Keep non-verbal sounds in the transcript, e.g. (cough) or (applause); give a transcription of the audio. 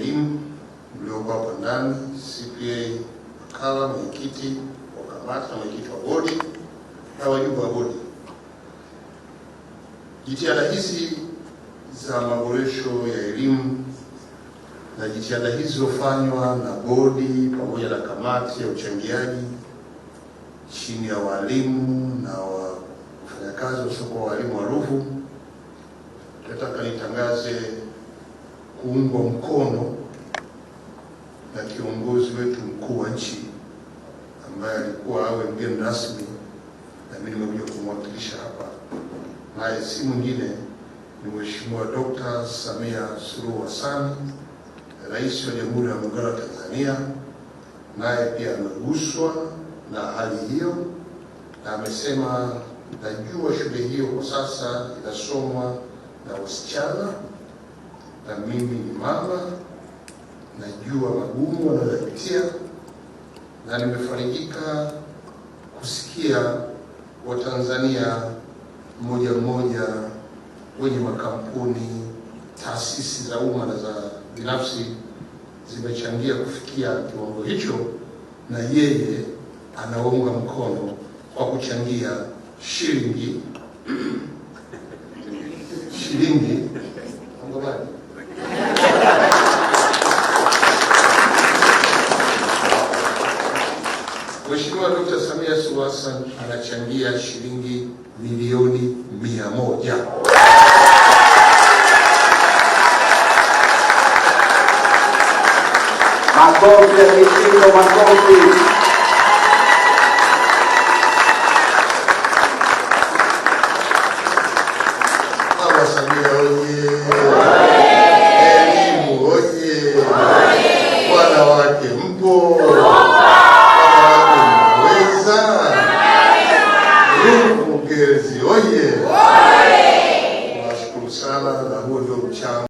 elimu mliokuwa hapo ndani, CPA wakala, mwenyekiti wa kamati na mwenyekiti wa bodi na wajumbe wa bodi. Jitihada hizi za maboresho ya elimu na jitihada hizi zilizofanywa na bodi pamoja na kamati ya uchangiaji chini ya walimu na wafanyakazi wa soko wa walimu wa Ruvu, nataka nitangaze kuungwa mkono na kiongozi wetu mkuu wa nchi ambaye alikuwa awe mgeni rasmi na mimi nimekuja kumwakilisha hapa, naye si mwingine ni Mheshimiwa Dr. Samia Suluhu Hassan, Rais wa Jamhuri ya Muungano wa Tanzania, naye pia ameguswa na hali hiyo na amesema najua shule hiyo kwa sasa inasomwa na wasichana na mimi ni mama, najua magumu wanayopitia, na nimefarijika kusikia Watanzania mmoja mmoja wenye makampuni, taasisi za umma na za binafsi zimechangia kufikia kiwango hicho, na yeye anaunga mkono kwa kuchangia shilingi (clears throat) shilingi Mheshimiwa Dkt. Samia Suluhu Hassan anachangia shilingi milioni mia moja makofi ya kishindo, makofi. Mama Samia oye! Elimu oye! Wanawake mpo! Oi! Nós cruzamos na rua do Chão.